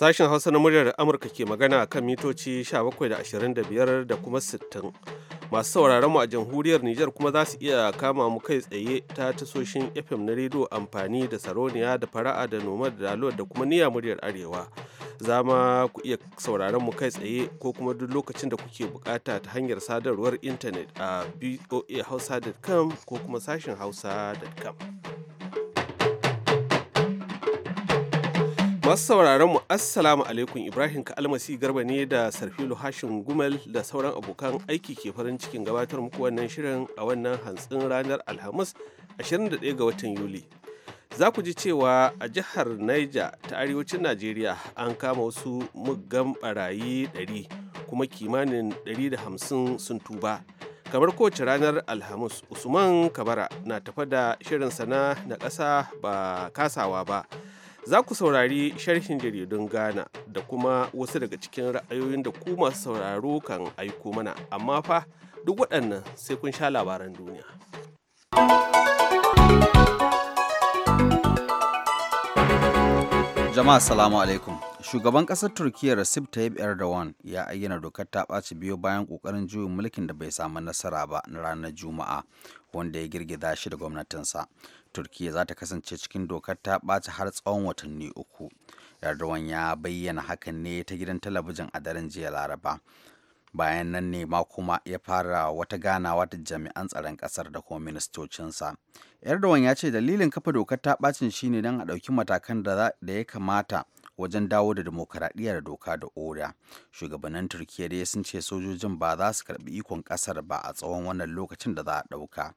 Sashen Hausa na muryar Amurka ke magana kan mitoci 17.25 da kuma 60. Masu sauraron mu a jamhuriyar Nijar kuma za su iya kama mu kai tsaye ta tasoshin FM na rediyo amfani da Saroniya da Fara'a da Nomad da Dalot da kuma Niyya muryar Arewa. Za ma ku iya sauraron mu kai tsaye ko kuma duk lokacin da kuke bukata ta hanyar sadarwar intanet a boahausa.com ko kuma sashen hausa.com. Masu sauraron mu Assalamu alaikum Ibrahim ka'almasi Garba ne da sarfilu Hashin Gumal da sauran abokan aiki ke farin cikin gabatar muku wannan shirin a wannan hantsin ranar Alhamis 21 ga watan Yuli. Za ku ji cewa a jihar Niger ta arewacin Najeriya an kama wasu muggan barayi 100 kuma kimanin 150 sun tuba. Kamar kowace ranar Alhamis, Usman Kabara na tafa da shirin sana na ƙasa ba kasawa ba. Za ku saurari sharhin jaridun Ghana da kuma wasu daga cikin ra'ayoyin da ku masu sauraro kan aiko mana, amma fa duk waɗannan sai kun sha labaran duniya. Jama'a salamu alaikum. Shugaban ƙasar Turkiyya Recep Tayyip Erdogan ya ayyana dokar ta ɓaci biyu bayan ƙoƙarin juyin mulkin da bai samu nasara ba na ranar Juma'a wanda ya girgiza shi da gwamnatinsa. turkiya za ta kasance cikin dokar ta ɓaci har tsawon watanni uku yardawan ya bayyana hakan ne ta gidan talabijin a daren jiya laraba bayan nan ne ma kuma ya fara wata ganawa da jami'an tsaron kasar da kuma ministocinsa yardawan ya ce dalilin kafa dokar ta ɓacin shine don a ɗauki matakan da ya kamata wajen dawo da demokaradiyyar doka da oda shugabannin turkiyya dai sun ce sojojin ba za su karbi ikon kasar ba a tsawon wannan lokacin da za a dauka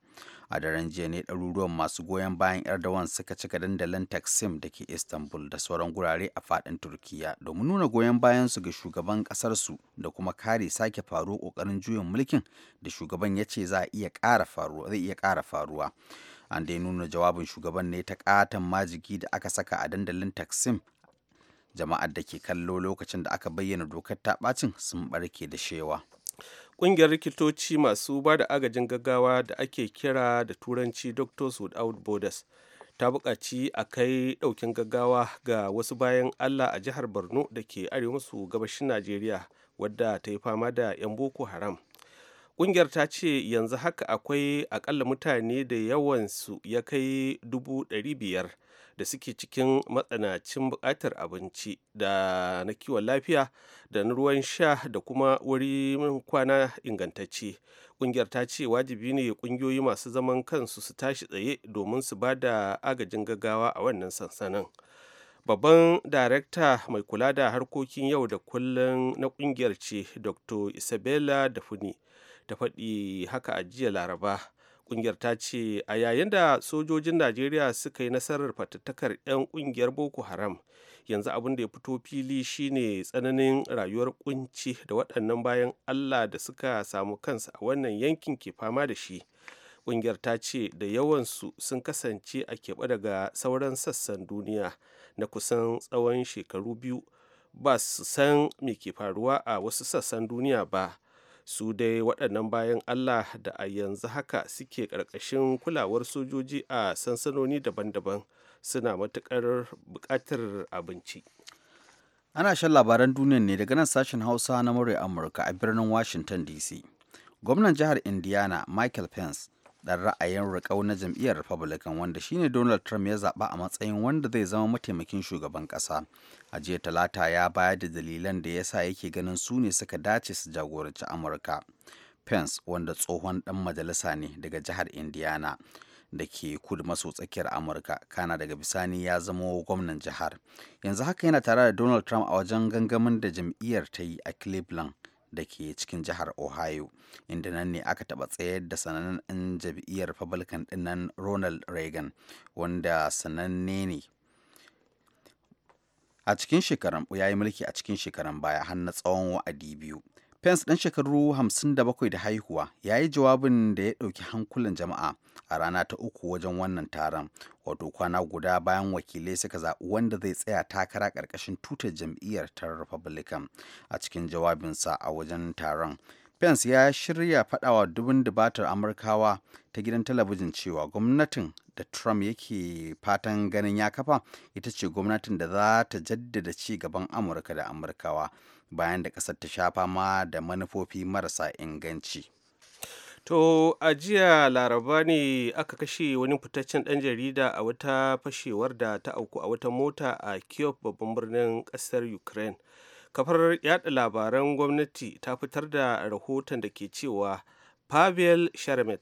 a daren jiya ne ɗaruruwan masu goyon bayan erdogan suka cika dandalin taksim da ke istanbul da sauran gurare a faɗin turkiyya domin nuna goyon bayan su ga shugaban kasar su da kuma kare sake faruwa kokarin juyin mulkin da shugaban ya ce za iya ƙara faruwa zai iya ƙara faruwa an dai nuna jawabin shugaban ne ta ƙaton majigi da aka saka a dandalin taksim jama'ar da ke kallo lokacin da aka bayyana dokar ta bacin sun barke da shewa ƙungiyar rikitoci masu ba da agajin gaggawa da ake kira da turanci doctors without borders ta buƙaci a kai ɗaukin gaggawa ga wasu bayan allah a jihar borno da ke arewa su gabashin najeriya wadda ta yi fama da 'yan boko haram Ƙungiyar ta ce yanzu haka akwai akalla mutane da yawansu ya kai dubu ɗari biyar da suke cikin matsanacin buƙatar abinci da na kiwon lafiya da na ruwan sha da kuma wuri kwana ingantacce. Ƙungiyar ta ce wajibi ne ƙungiyoyi masu zaman kansu su tashi tsaye domin su ba da agajin gaggawa a wannan sansanin. babban darekta mai kula da harkokin yau da kullum na kungiyar ce dr isabella dafuni ta faɗi haka a jiya laraba ƙungiyar ta ce a yayin da sojojin najeriya suka yi nasarar fatattakar 'yan ƙungiyar boko haram yanzu abin da ya fito fili shine tsananin rayuwar ƙunci da waɗannan bayan allah da suka samu kansa a wannan yankin ke fama da shi ƙungiyar ta ce da yawansu sun kasance a keɓe daga sauran sassan duniya na kusan tsawon shekaru biyu ba su san me ke faruwa a wasu sassan duniya ba su dai waɗannan bayan allah da a yanzu haka suke ƙarƙashin kulawar sojoji a sansanoni daban-daban suna matuƙar buƙatar abinci ana shan labaran duniya ne daga nan sashen hausa na murya amurka a birnin washington dc gwamnan jihar indiana michael pence Ɗan ra'ayin riƙau na jam'iyyar republican wanda shine donald trump ya zaɓa a matsayin wanda zai zama mataimakin shugaban ƙasa a jiya talata ya bayar da dalilan da yasa yake ganin su ne suka dace su jagoranci amurka pence wanda tsohon ɗan majalisa ne daga jihar indiana da ke kudu maso tsakiyar amurka kana daga bisani ya zama gwamnan jihar yanzu haka yana tare da donald trump a wajen gangamin da jam'iyyar ta yi a cleveland da ke cikin jihar ohio inda nan ne aka taba tsayar da sanannen jam'iyyar republican dinnan ronald reagan wanda sananne ne a cikin shekaran ya yi mulki a cikin shekaran baya har na tsawon wa'adi biyu Pence ɗan shekaru 57 da haihuwa ya yi jawabin da ya ɗauki hankulan jama'a a rana ta uku wajen wannan taron, wato kwana guda bayan wakilai suka zaɓi wanda zai tsaya takara ƙarƙashin tutar jam'iyyar ta Republican a cikin jawabinsa a wajen taron. Pence ya shirya faɗawa dubin dubatar Amurkawa ta gidan talabijin cewa gwamnatin da Trump yake fatan ganin ya kafa ita ce gwamnatin da za ta jaddada ci gaban Amurka da Amurkawa bayan da ƙasar ta sha fama da manufofi marasa inganci. To a jiya laraba ne aka kashe wani fitaccen ɗan jarida a wata fashewar da ta auku a wata mota a Kyiv babban birnin ƙasar Ukraine. Kafar yada labaran gwamnati ta fitar da rahoton da ke cewa Pavel Shermet,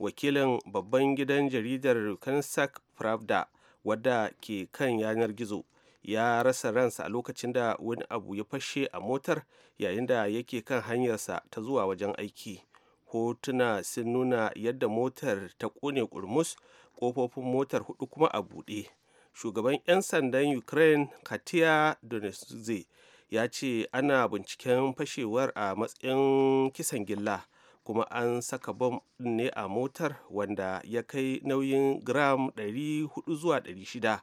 wakilin babban gidan jaridar Kansak Pravda, wadda ke kan yanar gizo. ya rasa ransa a lokacin da wani abu ya fashe a motar yayin da yake kan hanyarsa ta zuwa wajen aiki hotuna sun nuna yadda motar ta kone kurmus kofofin motar hudu kuma a buɗe shugaban 'yan sandan ukraine katia donetsk ya ce ana binciken fashewar a matsayin kisan gilla kuma an saka bom ne a motar wanda ya kai nauyin gram 400 zuwa 600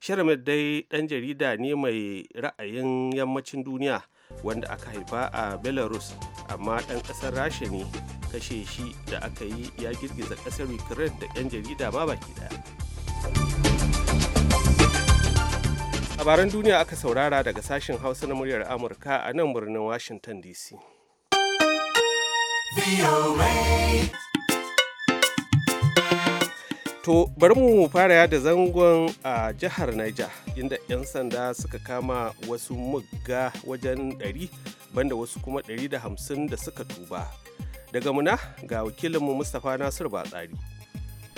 Sharmir dai ɗan jarida ne mai ra'ayin yammacin duniya wanda aka haifa a Belarus amma ɗan ƙasar Rasha ne kashe shi da aka yi ya girgiza ƙasar Ukraine da 'yan jarida ma baki ɗaya. Labaran duniya aka saurara daga sashen Hausa na muryar Amurka a nan birnin Washington DC. To bari mu fara da zangon a jihar Niger inda 'yan sanda suka kama wasu mugga wajen 100 banda wasu kuma 150 da suka tuba. Daga muna ga wakilinmu Mustapha Nasir Batsari.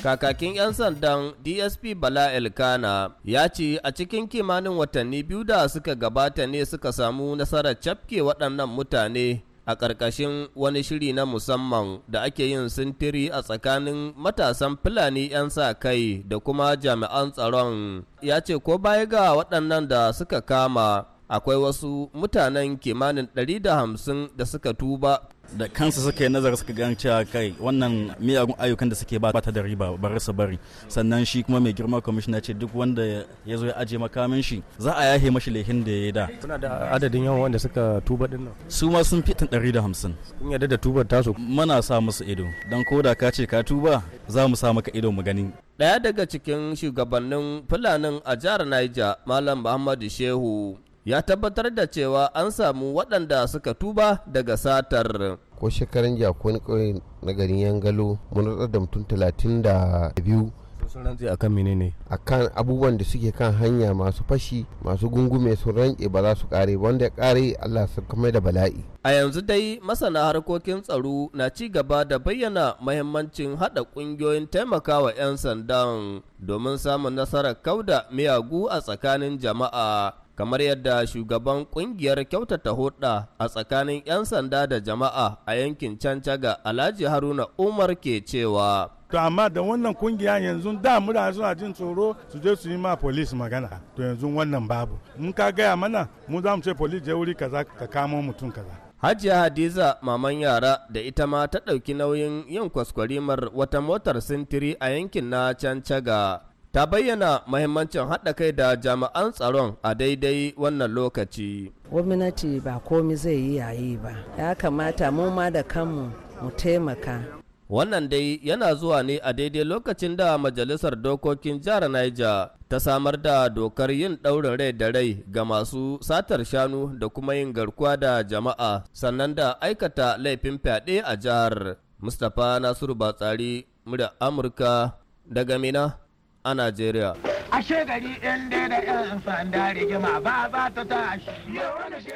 Kakakin 'yan sandan DSP Bala Elkana ya ce a cikin kimanin watanni biyu da suka gabata ne suka samu nasarar cafke waɗannan mutane a ƙarƙashin wani shiri na musamman da ake yin sintiri a tsakanin matasan Fulani 'yan sa kai da kuma jami'an tsaron ya ce ko baya ga waɗannan da suka kama akwai wasu mutanen kimanin 150 da suka tuba da kansu suka yi nazari suka gan cewa kai wannan miyagun ayyukan da suke ba ta da riba bari su bari sannan shi kuma mai girma kwamishina ce duk wanda ya zo ya aje makamin shi za a yahe mashi lehin da ya yi da kuna da adadin yawan wanda suka tuba din nan su ma sun fitin 150 kun yarda da tubar tasu muna sa musu ido dan da ka ce ka tuba za mu sa maka ido mu gani daya daga cikin shugabannin fulanin a jihar Niger malam Muhammadu Shehu ya tabbatar da cewa an samu waɗanda suka tuba daga satar. ko shekaran jiya ko ƙauye na garin yangalo mun rada da mutum talatin da biyu sun rantse a kan menene a kan abubuwan da suke kan hanya masu fashi masu gungume sun rantse ba za su kare wanda ya kare allah sun kama da bala'i a yanzu dai masana harkokin tsaro na ci gaba da bayyana mahimmancin haɗa ƙungiyoyin taimakawa 'yan sandan domin samun nasarar kauda miyagu a tsakanin jama'a kamar yadda shugaban kungiyar kyautata hudda a tsakanin 'yan sanda da jama'a a yankin cancaga alhaji haruna umar ke cewa to amma da wannan kungiya yanzu da mura suna jin tsoro su je su yi ma police magana to yanzu wannan babu in ka gaya mana mu za mu ce police je wuri kaza ka kamo mutum kaza Hajiya Hadiza maman yara da ita ma ta ɗauki nauyin yin kwaskwarimar wata motar sintiri a yankin na Cancaga ta bayyana mahimmancin haɗa kai da jami'an tsaron a daidai wannan lokaci. Gwamnati ba komi zai yi yayi ba, ya kamata mu ma da kanmu mu taimaka. Wannan dai yana zuwa ne a daidai lokacin da Majalisar Dokokin Jihar Niger ta samar da dokar yin ɗaurin rai da rai ga masu satar shanu da kuma yin garkuwa da jama'a sannan da aikata laifin fyaɗe a jihar. Mustapha Nasiru Batsari, murya Amurka daga Mina. a Najeriya. Ashe gari ɗin dai da 'yan da rigima ba ba ta tashi.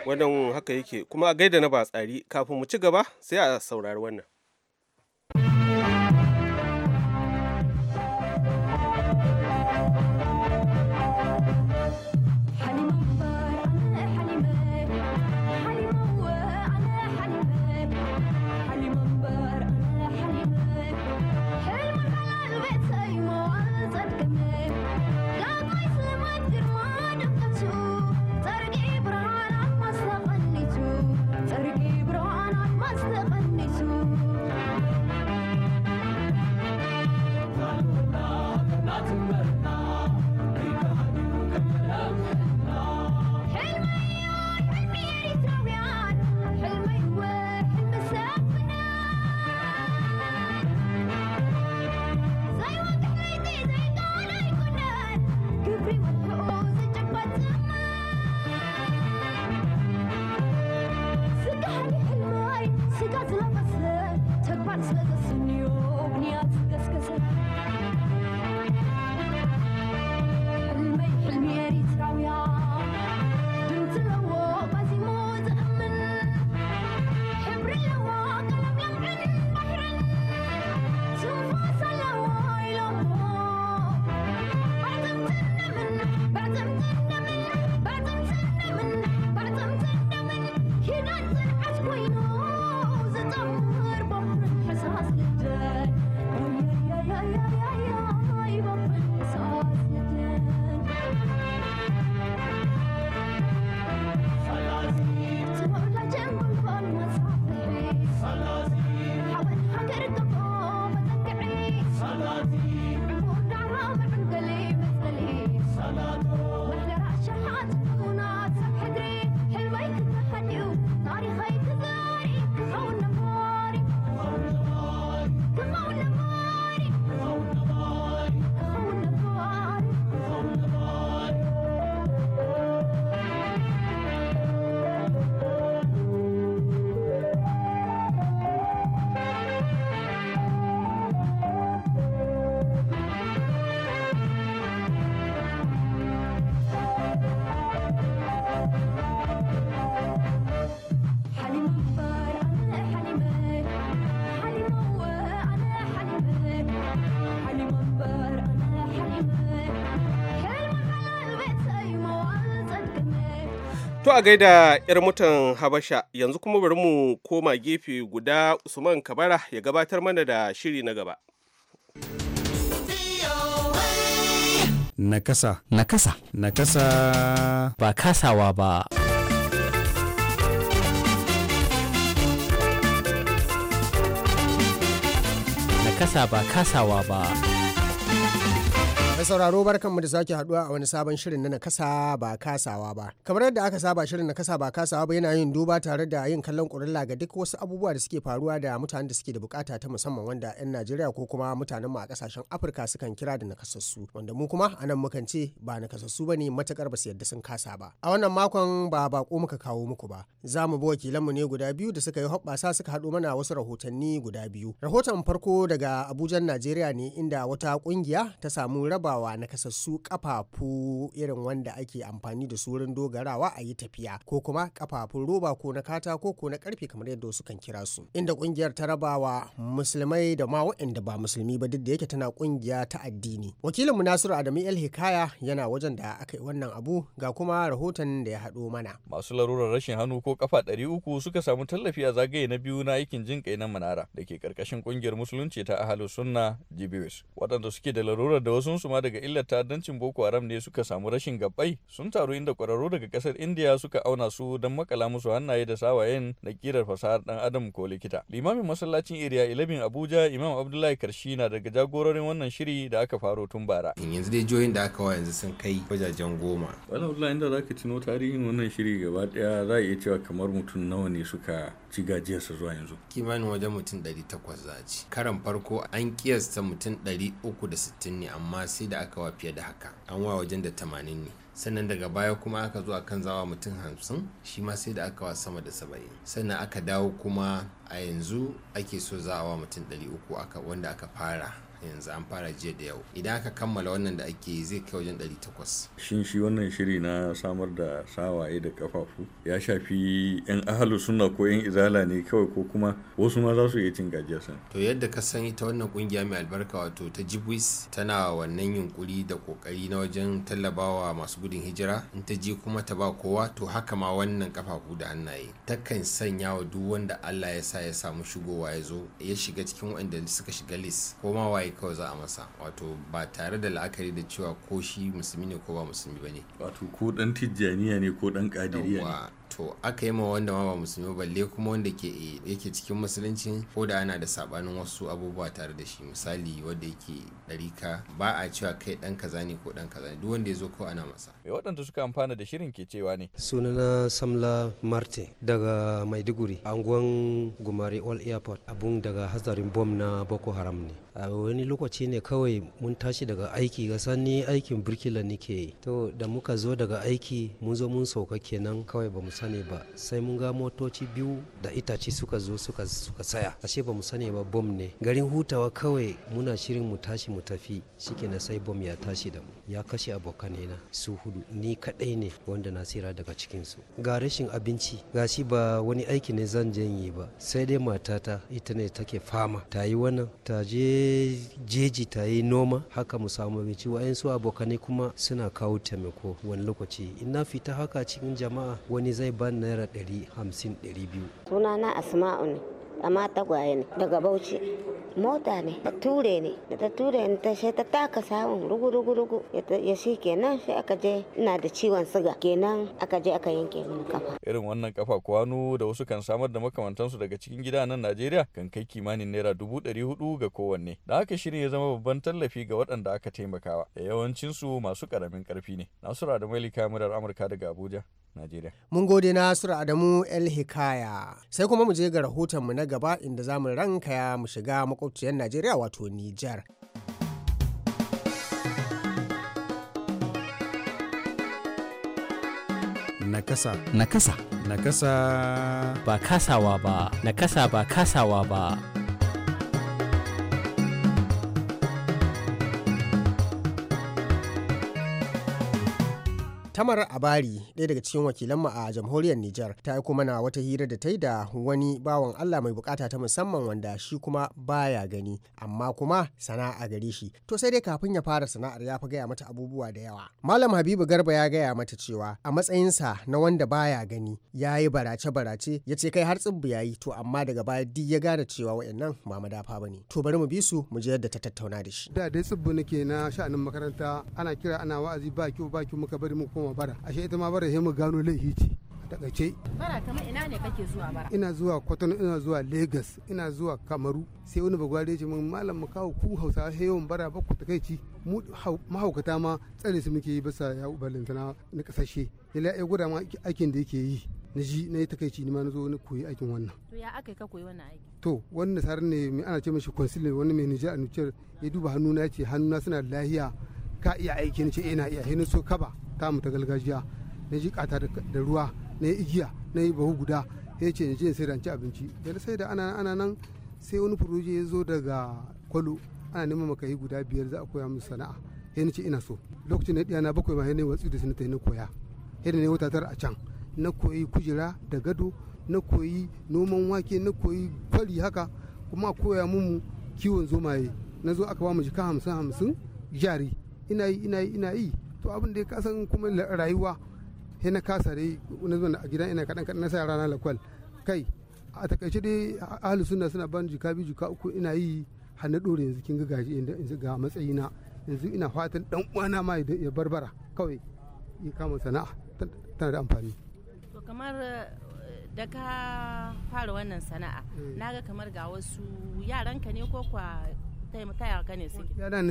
Wannan haka yake kuma a gaida na ba tsari kafin mu ci gaba sai a saurari wannan. a gaida 'yar mutan Habasha yanzu kuma bari mu koma gefe guda Usman Kabara ya gabatar mana da shiri na gaba. Nakasa. Nakasa. Nakasa. Ba kasawa ba. Nakasa ba kasawa ba. Mai sauraro barkanmu da sake haduwa a wani sabon shirin na nakasa ba kasawa ba. Kamar yadda aka saba shirin nakasa ba kasawa ba yana yin duba tare da yin kallon kurilla ga duk wasu abubuwa da suke faruwa da mutanen da suke da bukata ta musamman wanda 'yan Najeriya ko kuma mutanen mu a kasashen Afirka sukan kira da nakasassu wanda mu kuma a nan mukan ce ba nakasassu ba ne matakar ba su yadda sun kasa ba. A wannan makon ba bako muka kawo muku ba. Za mu bi wakilanmu ne guda biyu da suka yi hoɓɓasa suka haɗu mana wasu rahotanni guda biyu. Rahoton farko daga Abuja Najeriya ne inda wata ƙungiya ta samu raba na nakasassu kafafu irin wanda ake amfani da su wurin dogarawa a yi tafiya ko kuma kafafun roba ko na katako ko na karfe kamar yadda sukan kan kira su inda kungiyar ta rabawa musulmai da ma waɗanda ba musulmi ba duk da yake tana kungiya ta addini wakilin nasiru adamu el hikaya yana wajen da aka yi wannan abu ga kuma rahoton da ya haɗo mana masu larurar rashin hannu ko kafa ɗari uku suka samu tallafi a zagaye na biyu na aikin jin kai na manara da ke karkashin kungiyar musulunci ta ahalu sunna jibiwis waɗanda suke da larurar da wasu su ma daga illar ta'addancin Boko Haram ne suka samu rashin gabbai sun taru inda kwararru daga kasar indiya suka auna su don makala musu hannaye da sawayen na kirar fasahar dan Adam ko likita. Limamin masallacin Area ilabin Abuja Imam Abdullahi Karshi na daga jagororin wannan shiri da aka faro tun bara. Yanzu dai joyin da aka yanzu sun kai wajajen goma. wani Abdullahi inda zaka tuno tarihin wannan shiri gaba daya za a iya cewa kamar mutum nawa ne suka ci gajiyarsa zuwa yanzu kimanin wajen mutum 800 za a ci karan farko an kiyasta mutum 360 ne amma sai da aka wa fiye da haka an wa wajen da 80 ne sannan daga baya kuma aka zo akan zawa mutum hamsin, shi ma sai da aka wa sama da 70 sannan aka dawo kuma a yanzu ake so za a wa mutum 300 wanda aka fara yanzu an fara jiya da yau idan aka kammala wannan da ake zai kai wajen 800 shin shi wannan shiri na samar da sawaye da kafafu ya shafi yan ahalu suna ko yan izala ne kawai ko kuma wasu ma za su iya cin gajiya san to yadda ka sani ta wannan kungiya mai albarka wato ta jibwis tana wannan yunkuri da kokari na wajen tallabawa masu gudun hijira in ta je kuma ta ba kowa to haka ma wannan kafafu da hannaye takan sanya wa duk wanda Allah ya sa ya samu shigowa ya zo ya shiga cikin waɗanda suka shiga lis ko ma waye kawai za a masa wato ba tare da la'akari da cewa ko shi musulmi ne ko ba musulmi ba ne wato ko dan tijjaniya ne ko dan kadiriya ne to aka yi ma wanda ma ba musulmi balle kuma wanda ke yake cikin musulunci ko da ana da sabanin wasu abubuwa tare da shi misali wanda yake ɗarika ba a cewa kai dan kaza ne ko dan kaza ne duk wanda ya zo ko ana masa me waɗanda suka amfana da shirin ke cewa ne sunana samla marte daga maiduguri anguwan gumari all airport abun daga hazarin bom na boko haram ne a wani lokaci ne kawai mun tashi daga aiki ga sani aikin birkila nike yi to da muka zo daga aiki mun zo mun sauka kenan kawai ba mu sani ba sai mun ga motoci biyu da itace suka zo suka suka saya ashe ba mu sani ba bom ne garin hutawa kawai muna shirin mu tashi mu tafi shikenan sai bom ya tashi da mu ya kashe abokanai na su hudu ni kadai ne wanda na tsira daga cikin su ga rashin abinci gashi ba wani aiki ne zan je yi ba sai dai matata ita ne take fama ta yi wannan ta je jeji ta yi noma haka mu samu abinci wa'yansu abokanai kuma suna kawo taimako wani lokaci in na fita haka cikin jama'a wani zai ban naira ɗari hamsin ɗari biyu sunana asma'u ne amma tagwaye ne daga bauchi mota ne ta ture ne da ta ture ne ta sai ta taka samun rugu rugu rugu ya shi kenan sai aka je ina da ciwon siga kenan aka je aka yanke mun kafa irin wannan kafa kwano da wasu kan samar da makamantansu daga cikin gida nan Najeriya kan kai kimanin naira dubu ɗari hudu ga kowanne da haka shirin ya zama babban tallafi ga waɗanda aka taimakawa da yawancinsu masu karamin karfi ne Nasura da Malika Murar Amurka daga Abuja Najeriya. Mun gode Nasiru Adamu El Hikaya. Sai kuma mu je ga mu na gaba inda zamu ranka ya mu shiga muku makwabciyar Najeriya wato Nijar. Nakasa. Nakasa. Nakasa. Ba kasawa ba. Nakasa ba kasawa ba. Tamar Abari ɗaya daga cikin wakilan mu a jamhuriyar Nijar ta yi kuma na wata hira da ta yi da wani bawan Allah mai bukata ta musamman wanda shi kuma baya gani amma kuma sana'a gare shi. To sai dai kafin ya fara sana'ar ya fi gaya mata abubuwa da yawa. Malam Habibu Garba ya gaya mata cewa a matsayinsa na wanda baya gani ya yi barace-barace ya ce kai har tsibbu ya yi to amma daga baya duk ya gane cewa waɗannan ba madafa ba ne. To bari mu bi su mu je yadda ta tattauna da shi. Da dai tsibbu nake na sha'anin makaranta ana kira ana wa'azi ba kyau ba kyau muka bari mu koma bara ashe ita ma bara sai mu gano laifi ce a takaice bara kamar ina ne kake zuwa bara ina zuwa kwatano ina zuwa lagos ina zuwa kamaru sai wani bagwari ya ce min malam mu kawo ku hausa sai yawan bara ba ku takaici mu mahaukata ma tsare su muke yi bisa ya balantana na kasashe ila ya gwada ma aikin da yake yi na ji na yi takaici ni ma na zo na koyi aikin wannan. To ya aka ka koyi wannan aiki? To wani nasarar ne ana ce mashi consul wani mai Nijar a Nijar ya duba hannuna ya ce hannuna suna lahiya ka iya aiki eh, na ce ina iya hinin so kaba ta mu ta gargajiya na ji kata da ruwa na yi igiya na yi bahu guda ya ce ni sai da abinci da sai da ana ana nan sai wani furuje ya zo daga kwalo ana neman maka yi guda biyar za a koya musu sana'a ya ni ce ina so lokacin na ɗiya na bakwai ma ya ne watsi da sinita na koya ya ne wata tara a can na koyi kujera da gado na koyi noman wake na koyi kwari haka kuma koya mu kiwon zomaye na zo aka ba mu jika hamsin hamsin jari ina yi ina yi ina yi to abin da ka san kuma rayuwa sai na kasa dai na zuwa a gidan ina kaɗan kaɗan na sa rana lakwal kai a takaice dai ahalu suna suna ban jika biyu jika uku ina yi har na ɗore yanzu kin ga gashi yanzu ga matsayina yanzu ina fatan dan uwana ma ya barbara kawai ya kama sana'a tana da amfani to kamar eh, da ka fara wannan sana'a eh. naga kamar ga wasu yaranka ne ko kwa taimaka ka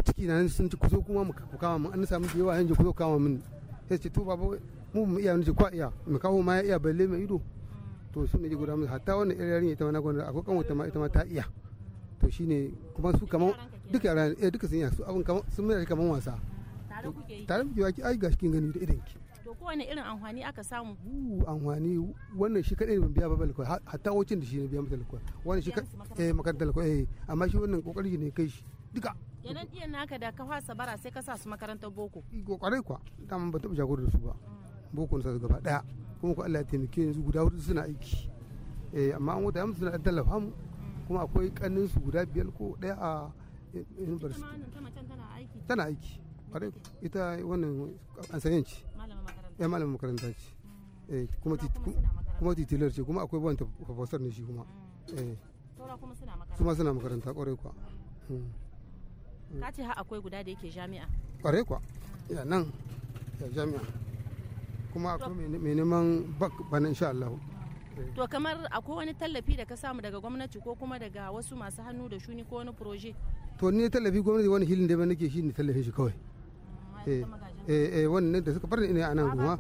ciki na sun ci kuzo kuma mu kama mu an samu yawa yanzu kuzo kama mun sai ce to mu mu iya ni kwa iya mu kawo ma iya balle mai ido to su ne guda mu hatta wannan ita na akwai ma ta iya to shine kuma su kaman duka yaran eh duka sun iya su kaman wasa tare kuke yi tare kuke yi gani da to kowane irin amfani aka samu amfani wannan shi kadai ban biya ba balko hatta wacin da shi ne biya mata balko wannan shi kadai eh, makarantar balko eh amma shi wannan kokari shi ne kai shi duka yanan iya naka da ka fasa bara sai ka sa su makarantar boko kokarai kwa dama ba taɓa jagorar da su ba mm. boko na sa gaba daya kuma ko Allah ya taimake yanzu guda hudu suna aiki eh amma an wata yamma suna tallafa mu mm. kuma akwai kannin su guda biyar ko daya a eh, university tana aiki kwarai ita wannan an sayanci ya malamin makaranta ce eh, kuma titilar ce kuma akwai wanta professor ne shi kuma mm. eh. kuma suna makaranta kwarai kwa mm. mm. ka ce ha akwai guda da yake jami'a kwarai kwa ya nan ya jami'a kuma akwai mai neman bak bana insha Allah eh. to kamar akwai wani tallafi da ka samu daga gwamnati ko kuma daga wasu masu hannu da shuni ko wani proje to ni tallafi gwamnati wani hilin da nake shi ne tallafin shi kawai eh eh wannan da suka farni ne a nan ruwa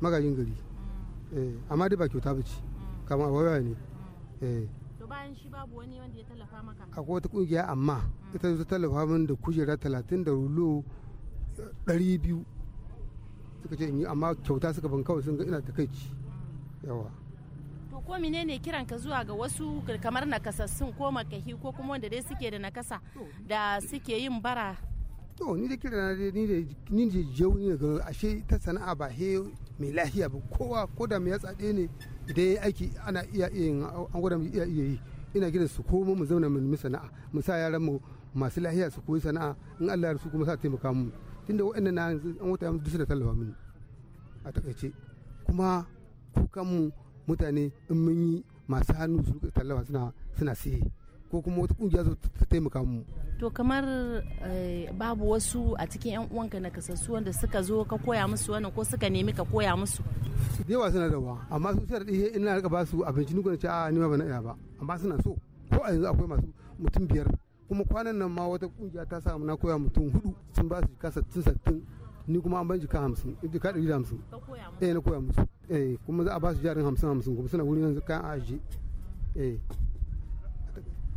magajin gari mm. eh amma dai ba kyauta ba ce mm. kamar abubuwa ne mm. eh to bayan shi babu wani wanda ya tallafa maka akwai wata kungiya amma ita ta tallafa min da kujera talatin da rulo eh, ɗari biyu suka ce in yi amma kyauta suka ban kawai sun ga ina ci yawa to ko menene kiran ka zuwa ga wasu kamar nakasassun ko makahi ko kuma wanda dai suke da nakasa da suke yin bara to ni da kira na ni da ni da jau ne ga ashe ta sana'a ba he mai lahiya ba kowa ko da mai ya tsade ne idan ya aiki ana iya yin an gwada mu iya iya yi ina gina su komo mu zauna mu nemi sana'a mu sa yaran mu masu lahiya su koyi sana'a in Allah ya su kuma sa taimaka mu tunda wa'annan na an wuta mu dusa da tallafa mini a takaice kuma kukan mu mutane in mun yi masu hannu su tallafa suna suna siye ko kuma wata kungiya su ta taimaka mu to kamar eh, babu wasu a cikin 'yan uwanka na kasassu wanda suka zo ka koya musu wannan ko suka nemi ka koya musu da yawa suna da wa amma su sai da ina rika ba su abinci ni gwanin a ni ma ba na iya ba amma suna so ko a yanzu akwai masu mutum biyar kuma kwanan nan ma wata kungiya ta sa na koya mutum hudu sun ba su jika sattin sattin ni kuma an ban jika hamsin jika ɗari da hamsin eh na koya musu eh kuma za a ba su jarin hamsin hamsin kuma suna wurin yanzu kayan ajiye eh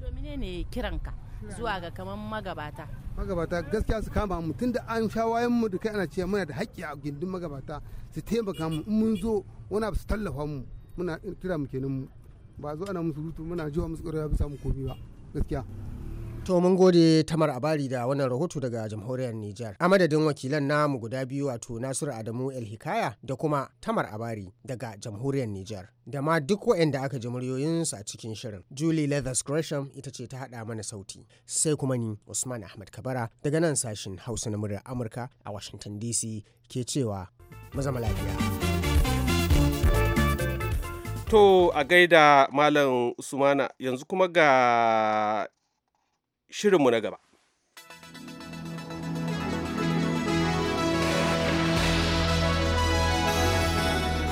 to menene kiranka zuwa ga kamar magabata magabata gaskiya su kama mu da an shawayen mu da kai ana cewa muna da haƙƙi a gindin magabata su taimaka mu in mun zo wani abu su tallafa mu muna kira mu kenan mu ba zo ana musu rutu muna jiwa musu ƙwarewa bisa mu komi ba gaskiya To mun gode Tamar Abari da wannan rahoto daga jamhuriyar Nijar. A madadin wakilan namu guda biyu wato Nasiru Adamu El Hikaya da kuma Tamar Abari daga jamhuriyar Nijar. Da ma duk waɗanda aka ji muryoyinsu a cikin shirin. Julie Leathers Gresham ita ce ta haɗa mana sauti. Sai kuma ni Usman Ahmad Kabara daga nan sashin Hausa na muryar Amurka a Washington DC ke cewa maza zama lafiya. To a gaida Malam Usmana yanzu kuma ga shirinmu na gaba.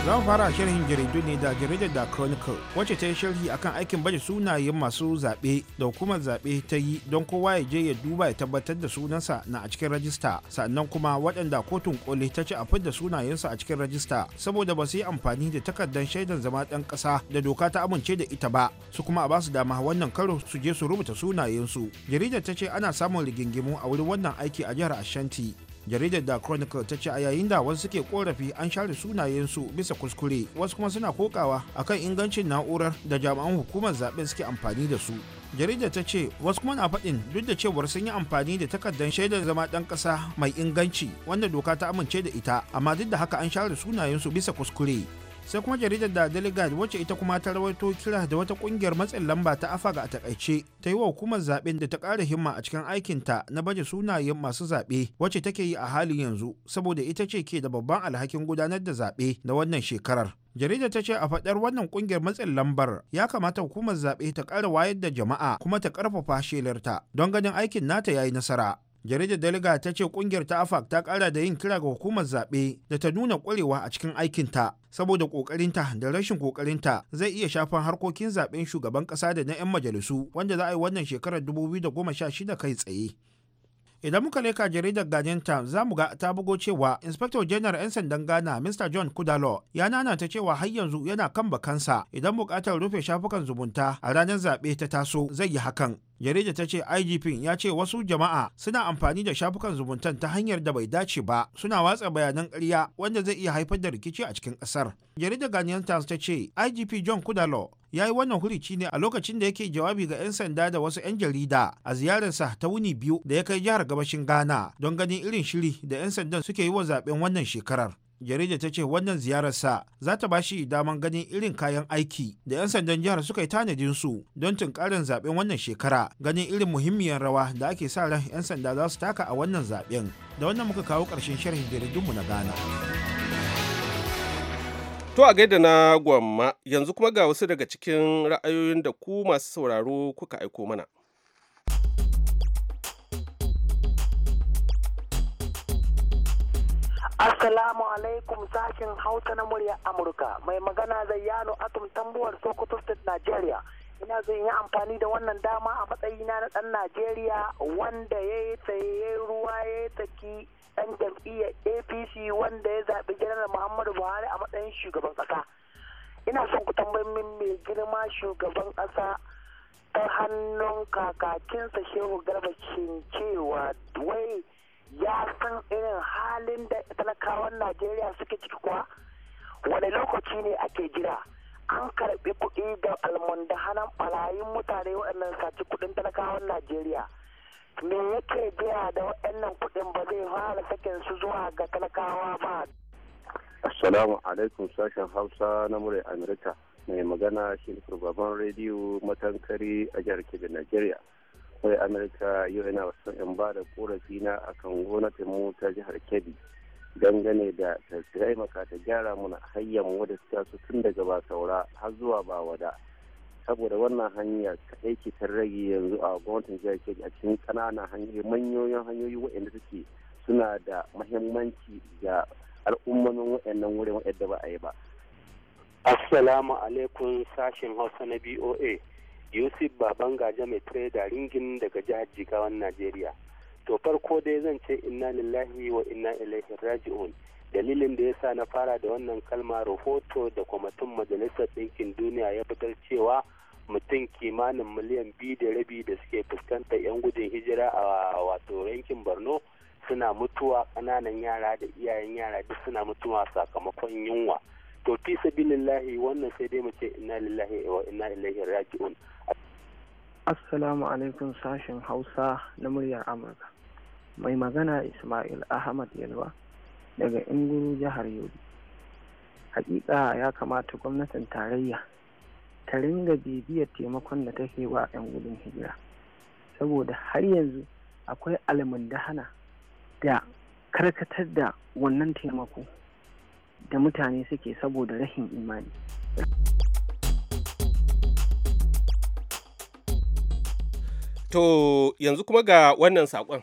za mu fara sharhin jaridu ne da jaridar da chronicle wacce ta yi sharhi akan aikin baje sunayen masu zaɓe da hukumar zaɓe ta yi don kowa ya je ya duba ya tabbatar da sunansa na a cikin rajista sannan kuma waɗanda kotun koli ta ci a fidda sunayensa a cikin rajista saboda ba su yi amfani da takardar shaidar zama ɗan ƙasa da doka ta amince da ita ba su kuma a ba su dama wannan karo su je su rubuta sunayensu jaridar ta ce ana samun rigingimu a wurin wannan aiki a jihar ashanti jaridar da chronicle ta ce a yayin da wasu suke korafi an share sunayensu bisa kuskure wasu kuma suna kokawa akan ingancin na'urar da jami'an hukumar zaɓe suke amfani da su jaridar ta ce wasu kuma na faɗin duk da cewar sun yi amfani da takardar shaidar zama ɗan ƙasa mai inganci wanda doka ta amince da ita amma duk da haka an share sunayensu bisa kuskure sai kuma jaridar da delegat wacce ita kuma ta rawaito kira da wata kungiyar matsin lamba ta afaga a takaice ta yi wa hukumar zaben da ta ƙara himma a cikin aikinta na baje sunayen masu zaɓe wacce take yi a halin yanzu saboda ita ce ke da babban alhakin gudanar da zaɓe na wannan shekarar jaridar ta ce a faɗar wannan kungiyar matsin lambar ya kamata hukumar zaɓe ta ƙara wayar da jama'a kuma ta ƙarfafa shelarta don ganin aikin nata ya yi nasara jaridar daliga ta ce kungiyar ta afak ta kara da yin kira ga hukumar zaɓe da ta nuna kwarewa a cikin aikinta saboda kokarinta da rashin kokarinta zai iya shafan harkokin zaɓen shugaban ƙasa da na 'yan majalisu wanda za a yi wannan shekarar 2016 kai tsaye idan muka leka jaridar guardian times za mu ga ta bugo cewa inspector general 'yan sandan ghana mr john kudalo ya nana ta cewa har yanzu yana kan bakansa idan bukatar rufe shafukan zumunta a ranar zaɓe ta taso zai yi hakan jarida ta ce igp ya ce wasu jama'a suna amfani da shafukan zumuntan ta hanyar da bai dace ba suna watsa bayanan ƙarya wanda zai iya haifar da rikici a cikin ƙasar jaridar ghanaian ta ce igp john kudalo ya yi wannan hurici ne a lokacin da yake jawabi ga 'yan sanda da wasu 'yan jarida a ziyararsa ta wuni biyu da ya kai jihar gabashin ghana don ganin irin shiri da 'yan sandan suke yi wa zaben wannan shekarar jarida ta ce wannan ziyararsa za ta ba shi daman ganin irin kayan aiki da 'yan sandan jihar suka yi tanadin su don tunkarin zaben wannan shekara ganin irin muhimmiyar rawa da ake sa ran 'yan sanda za su taka a wannan zaben da wannan muka kawo ƙarshen sharhin jaridunmu na ghana To a gaida na gwamma yanzu kuma ga wasu daga cikin ra'ayoyin da ku masu sauraro kuka aiko mana. Assalamu alaikum sashen Hausa na murya Amurka mai magana Zayyano Atom tambuwar Sokoto State Nigeria. Ina zan yi amfani da wannan dama a matsayina na ɗan Najeriya wanda ya yi tsaye ruwa ya yi tsaki ɗan jam'iyyar apc wanda ya zaɓi janar muhammadu buhari a matsayin shugaban ƙasa ina son ku tambayi min mai girma shugaban ƙasa ta hannun kakakinsa shehu garba cewa wai ya san irin halin da talakawan najeriya suke ciki kuwa wani lokaci ne ake jira an karɓi kuɗi da almundahanan ɓarayin mutane waɗannan saci kuɗin talakawan najeriya me yake biya da waɗannan kuɗin ba zai fara sakin su zuwa ga talakawa ba. Assalamu alaikum sashen Hausa na murai Amerika mai magana shi shugaban rediyo matankari a jihar Kebbi Najeriya. Murai Amerika yau yana wasu in ba da korafi na a akan gwamnatin mu ta jihar Kebbi dangane da ta taimaka ta gyara mana hayyan wadda ta su tun daga ba saura har zuwa ba wada. saboda wannan hanya kaɗai ke ta rage yanzu a gwamnatin jihar kebbi a cikin ƙananan hanyoyi manyoyin hanyoyi waɗanda suke suna da mahimmanci ga al'ummomin waɗannan wurin waɗanda ba a yi ba. Assalamu alaikum sashen Hausa na BOA. Yusuf Baban Gaja mai Trader Ringin daga jihar Jigawan Najeriya. To farko dai zan ce inna lillahi wa inna ilaihi raji'un. Dalilin da ya sa na fara da wannan kalma rahoto da kwamitin Majalisar Ɗinkin Duniya ya fitar cewa mutum kimanin miliyan biyu da rabi da suke fuskantar 'yan gudun hijira a wato yankin borno suna mutuwa ƙananan yara da iyayen yara duk suna mutuwa sakamakon yunwa to fi sabilillahi wannan sai dai mu inna lillahi wa inna ilaihi raji'un assalamu alaikum sashen hausa na muryar amurka mai magana ismail ahmad yalwa daga inguru jihar yobe hakika ya kamata gwamnatin tarayya ta ringa bibiyar taimakon da take wa 'yan gudun hijira saboda har yanzu akwai almundahana da karkatar da wannan taimako da mutane suke saboda rashin imani to yanzu kuma ga wannan saƙon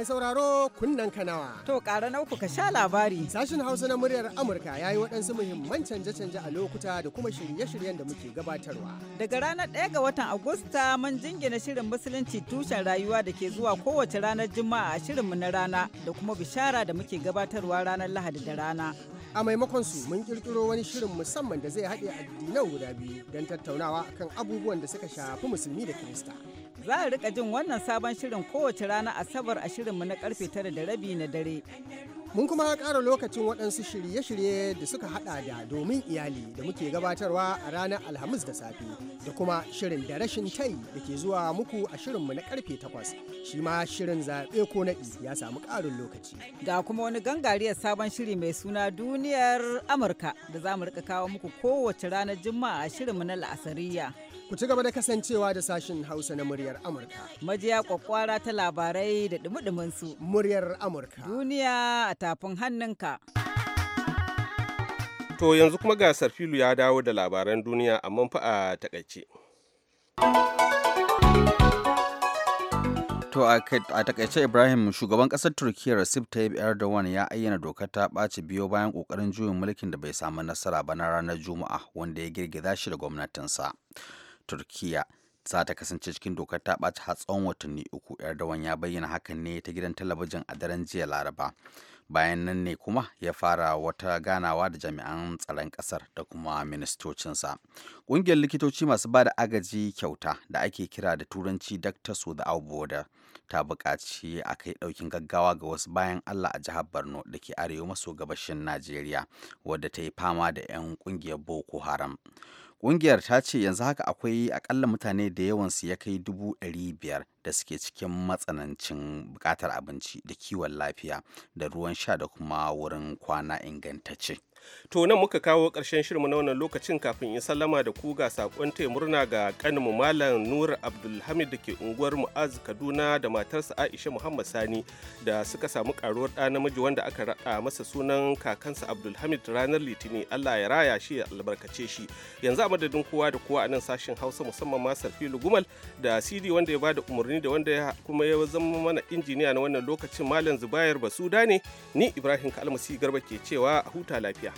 mai sauraro kunnen kanawa. To ƙara na uku ka sha labari. Sashen Hausa na muryar Amurka ya yi waɗansu muhimman canje-canje a lokuta da kuma shirye-shiryen da muke gabatarwa. Daga ranar 1 ga watan Agusta mun jingina shirin Musulunci tushen rayuwa da ke zuwa kowace ranar Juma'a a shirinmu na rana da kuma bishara da muke gabatarwa ranar Lahadi da rana. a maimakon su mun kirkiro wani shirin musamman da zai haɗe addinan guda biyu don tattaunawa kan abubuwan da suka shafi musulmi da kirista Za a rika jin wannan sabon shirin kowace rana Asabar a shirinmu na karfe tara da rabi na dare. Mun kuma ƙara lokacin waɗansu shirye-shirye da suka haɗa da domin iyali da muke gabatarwa a ranar Alhamis da safe da kuma shirin da rashin tai da ke zuwa muku a shirinmu na karfe takwas. Shi ma shirin zaɓe ko naɗi ya samu ƙarin lokaci. Ga kuma wani gangariyar sabon shiri mai suna duniyar Amurka da za mu rika kawo muku kowace ranar Juma'a a shirinmu na La'asariya. Ku ci gaba da kasancewa da sashin Hausa na muryar Amurka. Majiya kwakwara ta labarai da dumi Muryar Amurka. Duniya a tafin hannunka. To yanzu kuma ga Sarfilu ya dawo da labaran duniya amma fa a takaice. To a takaice Ibrahim shugaban kasar Turkiyya Recep Tayyip Erdogan ya ayyana dokar ta ɓaci biyo bayan ƙoƙarin juyin mulkin da bai samu nasara ba na ranar Juma'a wanda ya girgiza shi da gwamnatinsa. turkiyya za ta kasance cikin dokar ta ɓaci har tsawon watanni uku erdogan ya bayyana hakan ne ta gidan talabijin a daren jiya laraba bayan nan ne kuma ya fara wata ganawa da jami'an tsaron ƙasar da kuma ministocinsa ƙungiyar likitoci masu ba da agaji kyauta da ake kira da turanci doctors without border ta buƙaci a kai ɗaukin gaggawa ga wasu bayan allah a jihar borno da ke arewa maso gabashin najeriya wadda ta yi fama da 'yan ƙungiyar boko haram Ƙungiyar ta ce yanzu haka akwai akalla mutane da yawansu ya kai dubu ɗari biyar da suke cikin matsanancin buƙatar abinci da kiwon lafiya da ruwan sha da kuma wurin kwana ingantacce. to nan muka kawo ƙarshen shirinmu na wannan lokacin kafin in sallama da ku ga saƙon taya murna ga ƙaninmu malam nur abdulhamid da ke unguwar mu'az kaduna da matarsa aisha muhammad sani da suka samu karuwar ɗa namiji wanda aka raɗa masa sunan kakansa abdulhamid ranar litinin allah ya raya shi ya albarkace shi yanzu a madadin kowa da kowa a nan sashen hausa musamman ma sarfilu gumal da cd wanda ya bada umarni da wanda ya kuma ya zama mana injiniya na wannan lokacin malam zubayar basuda ne ni ibrahim kalmasi garba ke cewa huta lafiya